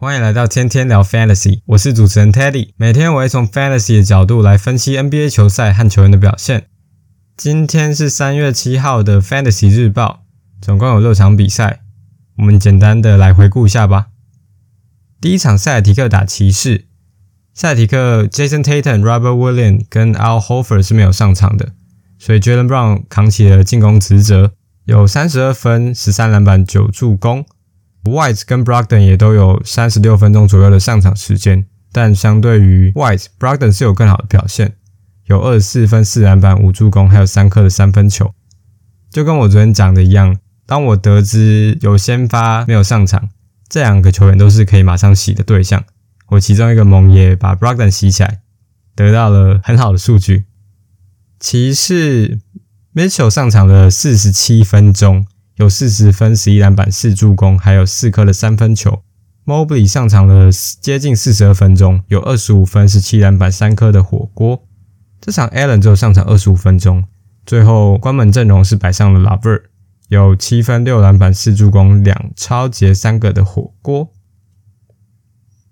歡迎來到天天聊 Fantasy，我是主持人 Teddy，每天我會從 Fantasy 的角度來分析 NBA 球賽和球員的表現。今天是三月七號的 Fantasy 日報，總共有六場比賽，我們簡單的來回顧一下吧。第一場，賽爾提克打騎士，賽爾提克 Jason Tatum、Robert Williams 跟 Al Horford 是沒有上場的，所以 Jaylen Brown 扛起了進攻職責，有三十二分、十三籃板、九助攻。White 跟 Brogdon 也都有三十六分鐘左右的上場時間，但相對於 White，Brogdon 是有更好的表現。有二十四分、四籃板、五助攻，還有三顆的三分球，就跟我昨天講的一樣。當我得知有先發沒有上場，這兩個球員都是可以馬上洗的對象。我其中一個盟也把 Brogdon 洗起來，得到了很好的數據。騎士 Mitchell 上場了四十七分鐘，有四十分、十一籃板、四助攻，還有四顆的三分球。Mobley 上場了接近四十二分鐘，有二十五分、十七籃板、三顆的火鍋。這場 Allen 只有上場二十五分鐘，最後關門陣容是擺上了 LeVert 有七分、六籃板、四助攻、兩抄截、三個的火鍋。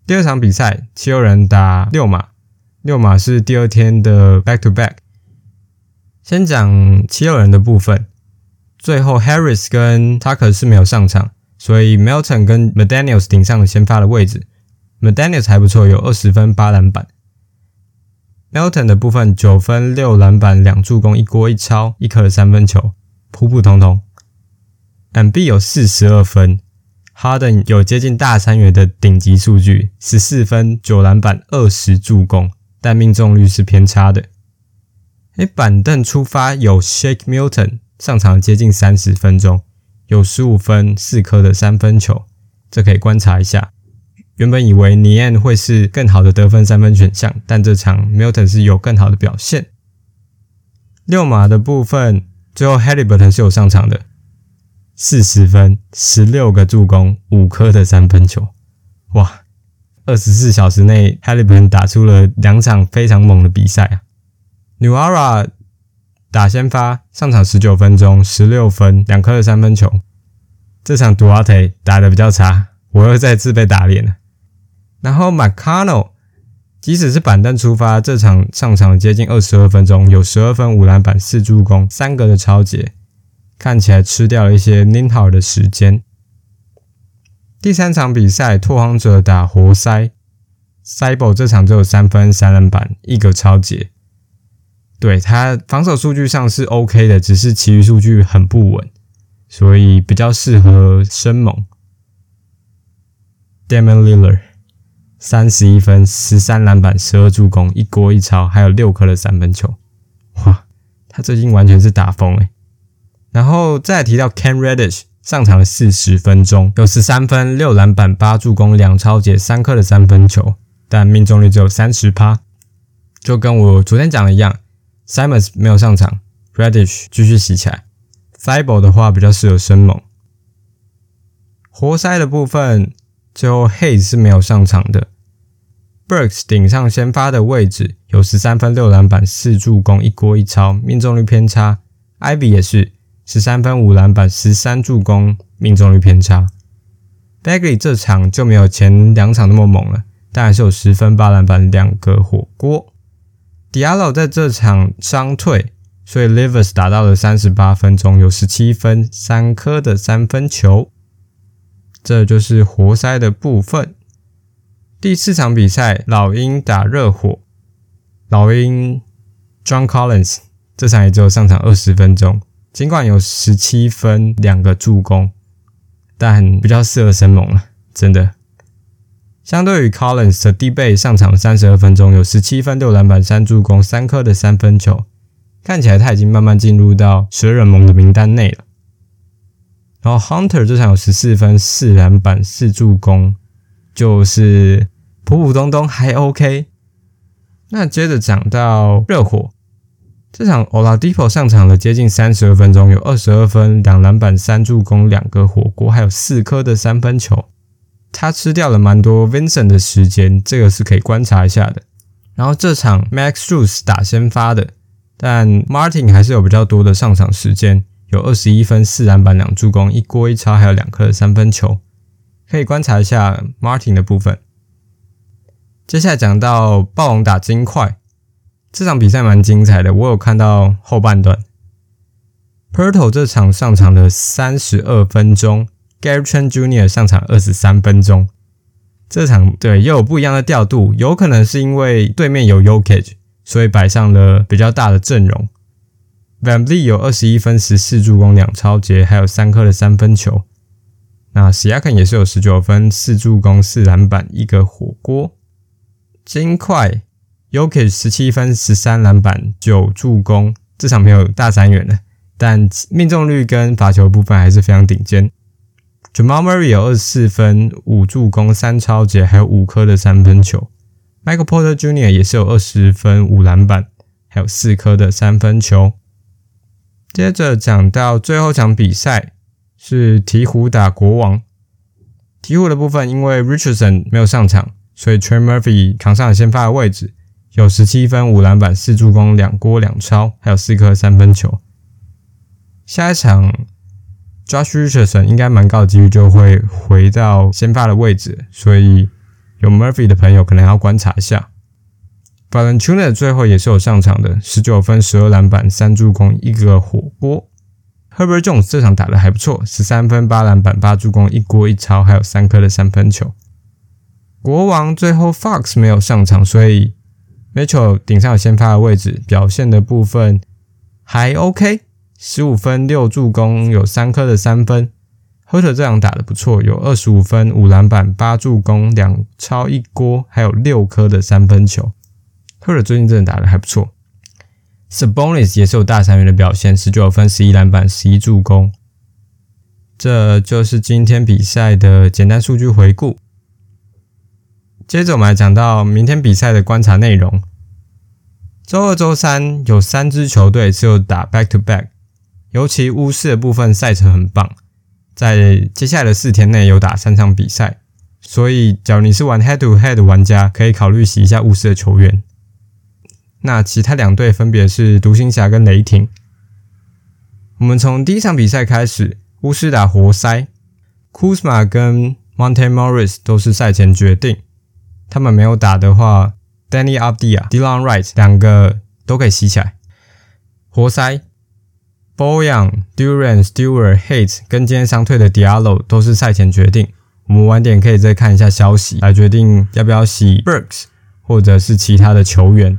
第二場比賽，七六人打溜馬，溜馬是第二天的 Back to Back。先講七六人的部分，最後 Harris 跟 Tucker 是沒有上場，所以 Melton 跟 McDaniels 頂上了先發的位置。McDaniels 還不錯，有二十分、八籃板。Milton 的部分，九分六籃板兩助攻一鍋一抄一顆的三分球，普普通通。Embiid 有四十二分，Harden 有接近大三元的頂級數據，十四分九籃板二十助攻，但命中率是偏差的。誒、欸，板凳出發有 Shake Milton 上場接近三十分鐘，有十五分四顆的三分球，這可以觀察一下。原本以為尼安會是更好的得分三分選項，但這場 Milton 是有更好的表現。溜馬的部分，最後 Haliburton 是有上場的，四十分，十六個助攻，五顆的三分球，哇！二十四小時內，Haliburton 打出了兩場非常猛的比賽啊。Newara 打先發，上場十九分鐘，十六分，兩顆的三分球。這場 Duarte 打的比較差，我又再次被打臉了。然後 McConnell，即使是板凳出發，這場上場接近二十二分鐘，有十二分、五籃板、四助攻、三格的抄截，看起來吃掉了一些 Nembhard 的時間。第三場比賽，拓荒者打活塞，Thybulle 這場只有三分、三籃板、一個抄截，對他防守數據上是 OK 的，只是其餘數據很不穩，所以比較適合生猛。嗯、Damian Lillard 三十一分，十三籃板，十二助攻，一鍋一抄，還有六顆的三分球，哇，他最近完全是打瘋欸！然後再提到 Cam Reddish 上場了四十分鐘，有十三分，六籃板，八助攻，兩抄截，三顆的三分球，但命中率只有三十趴，就跟我昨天講的一樣，Simmons 沒有上場，Reddish 繼續洗起來，Fibo 的話比較適合生猛，活塞的部分最後 Hayes 是沒有上場的。Burks 頂上先發的位置，有十三分、六籃板、四助攻、一鍋一抄，命中率偏差，Ivy 也是十三分、五籃板、十三助攻，命中率偏差，Bagley 這場就沒有前兩場那麼猛了，但還是有十分、八籃板、兩個火鍋。Diallo 在這場傷退，所以 Livers 達到了三十八分鐘，有十七分、三顆的三分球，這就是活塞的部分。第四場比賽，老鷹打熱火，老鷹 John Collins 這場也只有上場二十分鐘，儘管有十七分兩個助攻，但比較適合神猛了，真的。相對於 Collins 的 Bey 上場三十二分鐘，有十七分六籃板三助攻三顆的三分球，看起來他已經慢慢進入到十二人盟的名單內了。然後 Hunter 這場有十四分四籃板四助攻。就是普普通通還 OK。那接着講到熱火，這場 Oladipo 上場了接近三十二分鐘，有二十二分、兩籃板、三助攻、兩個火鍋，還有四顆的三分球。他吃掉了蠻多 Vincent 的時間，這個是可以觀察一下的。然後這場 Max Strus 打先發的，但 Martin 還是有比較多的上場時間，有二十一分、四籃板、兩助攻、一鍋一叉，還有兩顆的三分球。可以觀察一下 Martin 的部分。接下來講到暴龍打金塊，這場比賽蠻精彩的。我有看到後半段，Poeltl 這場上場了三十二分鐘，Gary Trent Jr. 上場二十三分鐘。這場，對，又有不一樣的調度，有可能是因為對面有 Jokic，所以擺上了比較大的陣容。VanVleet 有二十一分、十四助攻、兩抄截，還有三顆的三分球。那史亞肯也是有十九分、四助攻、四籃板、一個火鍋。金塊 Jokic 十七分、十三籃板、九助攻，這場沒有大三元了，但命中率跟罰球的部分還是非常頂尖。Jamal Murray 有二十四分、五助攻、三抄截，還有五顆的三分球。Michael Porter Jr. 也是有二十分、五籃板，還有四顆的三分球。接着講到最後場比賽。是鵜鶘打國王，鵜鶘的部分因為 Richardson 沒有上場，所以 Trey Murphy 扛上了先發的位置，有十七分、五籃板、四助攻、兩鍋兩抄，還有四顆三分球。下一場 Josh Richardson 應該蠻高的幾率就會回到先發的位置，所以有 Murphy 的朋友可能要觀察一下。Valanciunas 最後也是有上場的，十九分、十二籃板、三助攻、一個火鍋。Herbert Jones 這場打的還不錯，十三分八籃板、八助攻、一鍋、一抄，還有三顆的三分球。國王最後 Fox 沒有上場，所以 Mitchell 頂上有先發的位置，表現的部分還 OK，十五分、六助攻，有三顆的三分。Hurt 這場打的不錯，有二十五分五籃板、八助攻、兩抄、一鍋，還有六顆的三分球。Hurt 最近真的打的還不錯。Sabonis 也是有大三元的表現，十九分、十一籃板、十一助攻。這就是今天比賽的簡單數據回顧。接着我們來講到明天比賽的觀察內容。周二、周三有三支球隊是有打 back to back，尤其巫師的部分賽程很棒，在接下來的四天內有打三場比賽，所以假如你是玩 head to head 的玩家，可以考慮洗一下巫師的球員。那其他兩隊分別是獨行俠跟雷霆。我們從第一場比賽開始，烏斯打活塞，Kuzma 跟 Monte Morris 都是賽前決定。他們沒有打的話，Danny Abdiya、Dylan Wright 兩個都可以洗起來。活塞 b o y i n g d u r a n Stewart、Hays 跟今天商退的 d i a l o 都是賽前決定。我們晚點可以再看一下消息，來決定要不要洗 Burks 或者是其他的球員。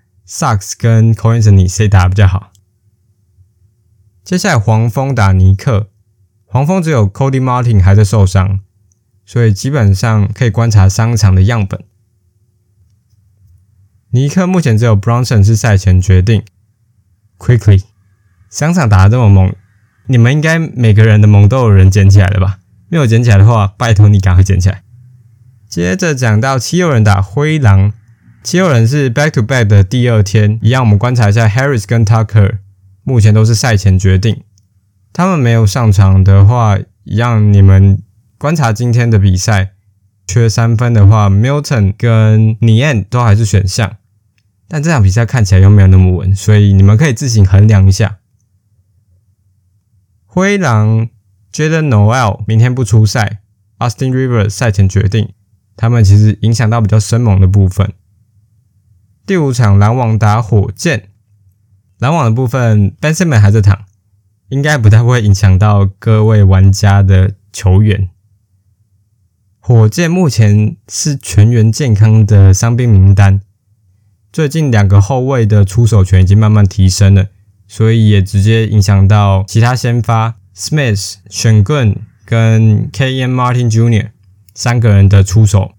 Sucks 跟 Coinson 你誰打比較好？接下來黃蜂打尼克，黃蜂只有 Cody Martin 還在受傷，所以基本上可以觀察上場的樣本。尼克目前只有 Bronson 是賽前決定。Quickly，上場打的這麼猛，你們應該每個人的盟都有人撿起來了吧？沒有撿起來的話，拜託你趕快撿起來。接着講到七六人打灰狼。七六人是 back to back 的第二天，一樣，我們觀察一下 Harris 跟 Tucker，目前都是賽前決定。他們沒有上場的話，一樣，你們觀察今天的比賽，缺三分的話，Milton 跟 Niang 都還是選項，但這場比賽看起來又沒有那麼穩，所以你們可以自行衡量一下。灰狼覺得 Noel 明天不出賽，Austin Rivers 賽前決定，他們其實影響到比較生猛的部分。第五場，籃網打火箭。籃網的部分，Ben Simmons 還在躺，應該不太會影響到各位玩家的球員。火箭目前是全員健康的傷病名單，最近兩個後衛的出手權已經慢慢提升了，所以也直接影響到其他先發，Smith、Sengun 跟 K.M.Martin Jr. 三個人的出手。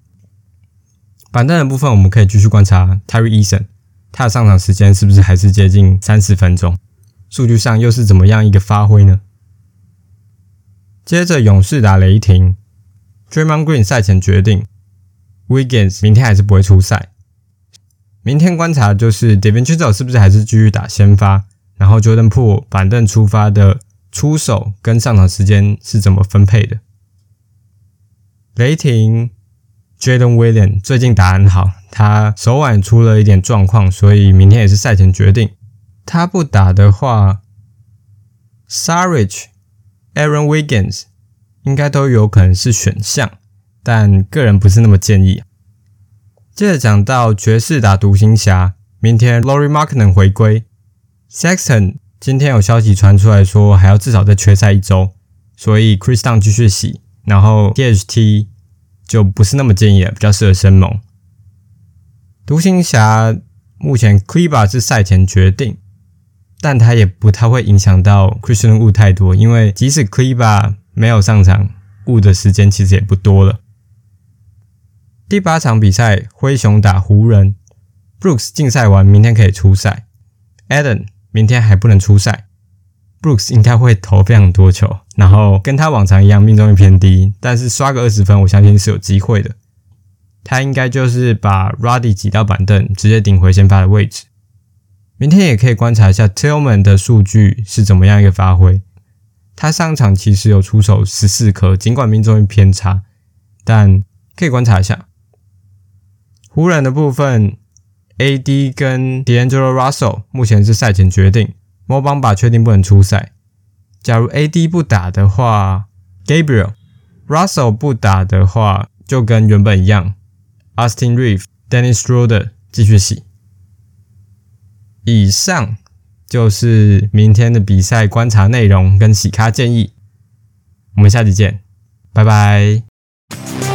板凳的部分，我們可以繼續觀察 Tari Eason，他的上場時間是不是還是接近三十分鐘？數據上又是怎麼樣一個發揮呢？接着勇士打雷霆，Draymond Green 賽前決定，Wiggins 明天還是不會出賽。明天觀察就是 DiVincenzo 是不是還是繼續打先發，然後 Jordan Poole 板凳出發的出手跟上場時間是怎麼分配的？雷霆。Jaden Williams 最近打很好，他手腕出了一點狀況，所以明天也是賽前決定。他不打的話，Sarich、Aaron Wiggins 應該都有可能是選項，但個人不是那麼建議。接着講到爵士打獨行俠，明天 Lauri Markkanen 能回歸，Sexton 今天有消息傳出來說還要至少再缺賽一周，所以 Kris Dunn 繼續洗，然後 THT 就不是那麼建議了，比較適合生猛。獨行俠目前 Kleber 是賽前決定，但他也不太會影響到 Christian Wood 太多，因為即使 Kleber 沒有上場，Wood 的時間其實也不多了。第八場比賽，灰熊打湖人，Brooks 禁賽完明天可以出賽，Adam 明天還不能出賽。Brooks 應該會投非常多球，然後跟他往常一樣命中率偏低，但是刷個二十分，我相信是有機會的。他應該就是把 Roddy 擠到板凳，直接頂回先發的位置。明天也可以觀察一下 Tillman 的數據是怎麼樣一個發揮。他上場其實有出手十四顆，儘管命中率偏差，但可以觀察一下。湖人的部分，AD 跟 D'Angelo Russell 目前是賽前決定。莫邦把確定不能出賽。假如 AD 不打的話，Gabriel、Russell 不打的話，就跟原本一樣。Austin r i v f Dennis Ruder 繼續洗。以上就是明天的比賽觀察內容跟洗咖建議。我們下期見，拜拜。